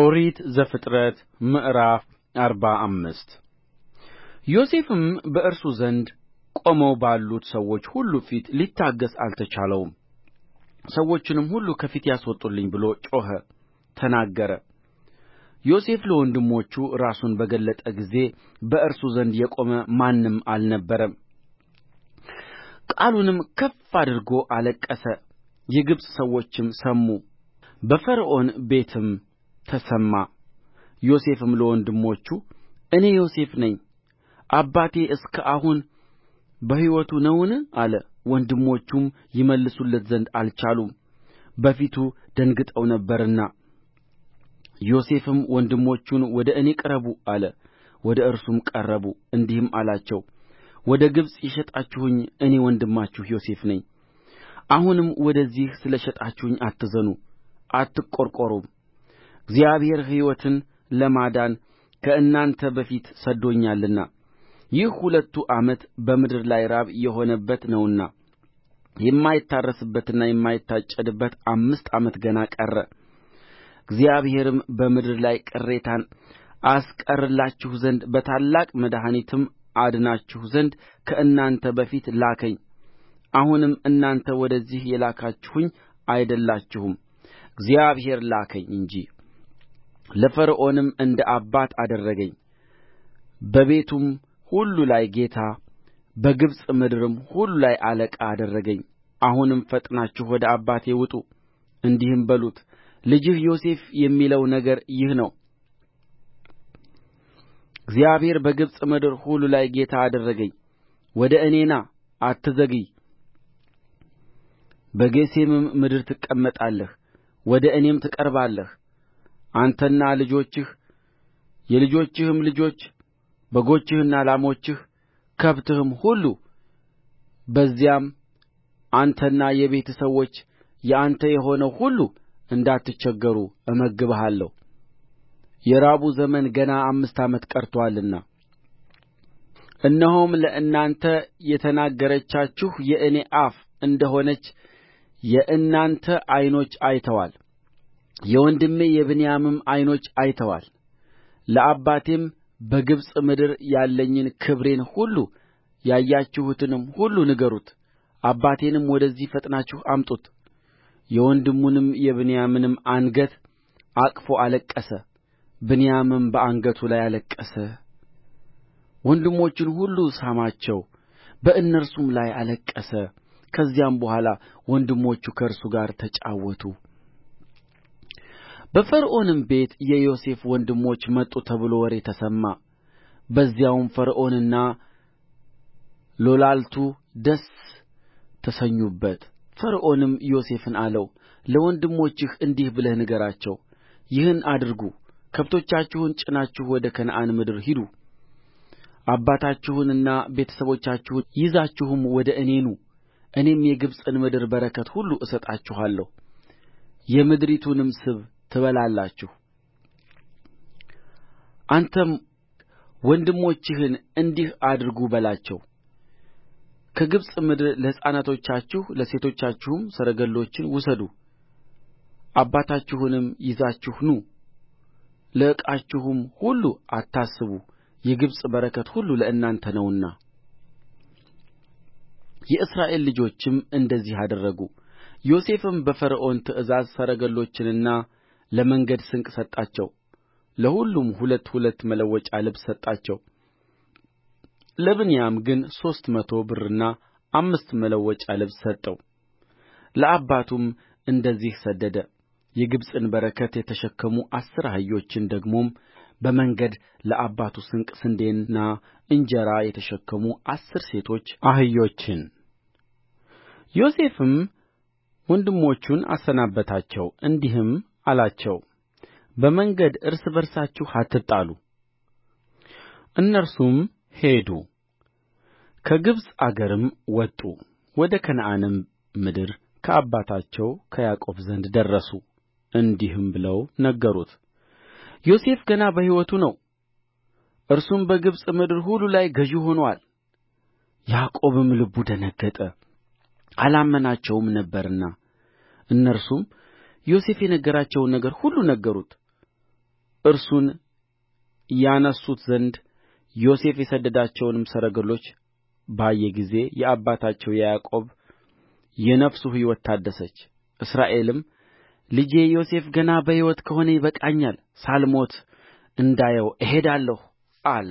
ኦሪት ዘፍጥረት ምዕራፍ አርባ አምስት ዮሴፍም በእርሱ ዘንድ ቆመው ባሉት ሰዎች ሁሉ ፊት ሊታገሥ አልተቻለውም ሰዎቹንም ሁሉ ከፊቴ አስወጡልኝ ብሎ ጮኸ ተናገረ ዮሴፍ ለወንድሞቹ ራሱን በገለጠ ጊዜ በእርሱ ዘንድ የቆመ ማንም አልነበረም ቃሉንም ከፍ አድርጎ አለቀሰ የግብፅ ሰዎችም ሰሙ በፈርዖን ቤትም ተሰማ ዮሴፍም ለወንድሞቹ እኔ ዮሴፍ ነኝ አባቴ እስከ አሁን በሕይወቱ ነውን አለ ወንድሞቹም ይመልሱለት ዘንድ አልቻሉም በፊቱ ደንግጠው ነበርና ዮሴፍም ወንድሞቹን ወደ እኔ ቅረቡ አለ ወደ እርሱም ቀረቡ እንዲህም አላቸው ወደ ግብፅ የሸጣችሁኝ እኔ ወንድማችሁ ዮሴፍ ነኝ አሁንም ወደዚህ ስለ ሸጣችሁኝ አትዘኑ አትቈርቈሩም እግዚአብሔር ሕይወትን ለማዳን ከእናንተ በፊት ሰድዶኛልና ይህ ሁለቱ ዓመት በምድር ላይ ራብ የሆነበት ነውና የማይታረስበትና የማይታጨድበት አምስት ዓመት ገና ቀረ እግዚአብሔርም በምድር ላይ ቅሬታን አስቀርላችሁ ዘንድ በታላቅ መድኃኒትም አድናችሁ ዘንድ ከእናንተ በፊት ላከኝ አሁንም እናንተ ወደዚህ የላካችሁኝ አይደላችሁም እግዚአብሔር ላከኝ እንጂ ለፈርዖንም እንደ አባት አደረገኝ በቤቱም ሁሉ ላይ ጌታ በግብፅ ምድርም ሁሉ ላይ አለቃ አደረገኝ አሁንም ፈጥናችሁ ወደ አባቴ ውጡ እንዲህም በሉት ልጅህ ዮሴፍ የሚለው ነገር ይህ ነው እግዚአብሔር በግብፅ ምድር ሁሉ ላይ ጌታ አደረገኝ ወደ እኔ ና አትዘግይ በጌሤምም ምድር ትቀመጣለህ ወደ እኔም ትቀርባለህ አንተና ልጆችህ የልጆችህም ልጆች በጎችህና ላሞችህ ከብትህም ሁሉ በዚያም አንተና የቤትህ ሰዎች የአንተ የሆነው ሁሉ እንዳትቸገሩ እመግብሃለሁ የራቡ ዘመን ገና አምስት ዓመት ቀርቶአልና እነሆም ለእናንተ የተናገረቻችሁ የእኔ አፍ እንደ ሆነች የእናንተ ዓይኖች አይተዋል የወንድሜ የብንያምም ዓይኖች አይተዋል ለአባቴም በግብፅ ምድር ያለኝን ክብሬን ሁሉ ያያችሁትንም ሁሉ ንገሩት አባቴንም ወደዚህ ፈጥናችሁ አምጡት የወንድሙንም የብንያምንም አንገት አቅፎ አለቀሰ ብንያምም በአንገቱ ላይ አለቀሰ ወንድሞቹን ሁሉ ሳማቸው በእነርሱም ላይ አለቀሰ ከዚያም በኋላ ወንድሞቹ ከእርሱ ጋር ተጫወቱ በፈርዖንም ቤት የዮሴፍ ወንድሞች መጡ ተብሎ ወሬ ተሰማ በዚያውም ፈርዖንና ሎላልቱ ደስ ተሰኙበት ፈርዖንም ዮሴፍን አለው ለወንድሞችህ እንዲህ ብለህ ንገራቸው ይህን አድርጉ ከብቶቻችሁን ጭናችሁ ወደ ከነዓን ምድር ሂዱ አባታችሁንና ቤተሰቦቻችሁን ይዛችሁም ወደ እኔ ኑ እኔም የግብፅን ምድር በረከት ሁሉ እሰጣችኋለሁ የምድሪቱንም ስብ ትበላላችሁ አንተም ወንድሞችህን እንዲህ አድርጉ በላቸው ከግብፅ ምድር ለሕፃናቶቻችሁ ለሴቶቻችሁም ሰረገሎችን ውሰዱ አባታችሁንም ይዛችሁ ኑ ለዕቃችሁም ሁሉ አታስቡ የግብፅ በረከት ሁሉ ለእናንተ ነውና የእስራኤል ልጆችም እንደዚህ አደረጉ ዮሴፍም በፈርዖን ትእዛዝ ሰረገሎችንና ለመንገድ ስንቅ ሰጣቸው ለሁሉም ሁለት ሁለት መለወጫ ልብስ ሰጣቸው ለብንያም ግን ሦስት መቶ ብርና አምስት መለወጫ ልብስ ሰጠው ለአባቱም እንደዚህ ሰደደ የግብፅን በረከት የተሸከሙ አሥር አህዮችን ደግሞም በመንገድ ለአባቱ ስንቅ ስንዴና እንጀራ የተሸከሙ አሥር ሴቶች አህዮችን ዮሴፍም ወንድሞቹን አሰናበታቸው እንዲህም አላቸው በመንገድ እርስ በርሳችሁ አትጣሉ እነርሱም ሄዱ ከግብፅ አገርም ወጡ ወደ ከነዓንም ምድር ከአባታቸው ከያዕቆብ ዘንድ ደረሱ እንዲህም ብለው ነገሩት ዮሴፍ ገና በሕይወቱ ነው እርሱም በግብፅ ምድር ሁሉ ላይ ገዥ ሆኖአል ያዕቆብም ልቡ ደነገጠ አላመናቸውም ነበርና እነርሱም ዮሴፍ የነገራቸውን ነገር ሁሉ ነገሩት እርሱን ያነሡት ዘንድ ዮሴፍ የሰደዳቸውንም ሰረገሎች ባየ ጊዜ የአባታቸው የያዕቆብ የነፍሱ ሕይወት ታደሰች እስራኤልም ልጄ ዮሴፍ ገና በሕይወት ከሆነ ይበቃኛል ሳልሞት እንዳየው እሄዳለሁ አለ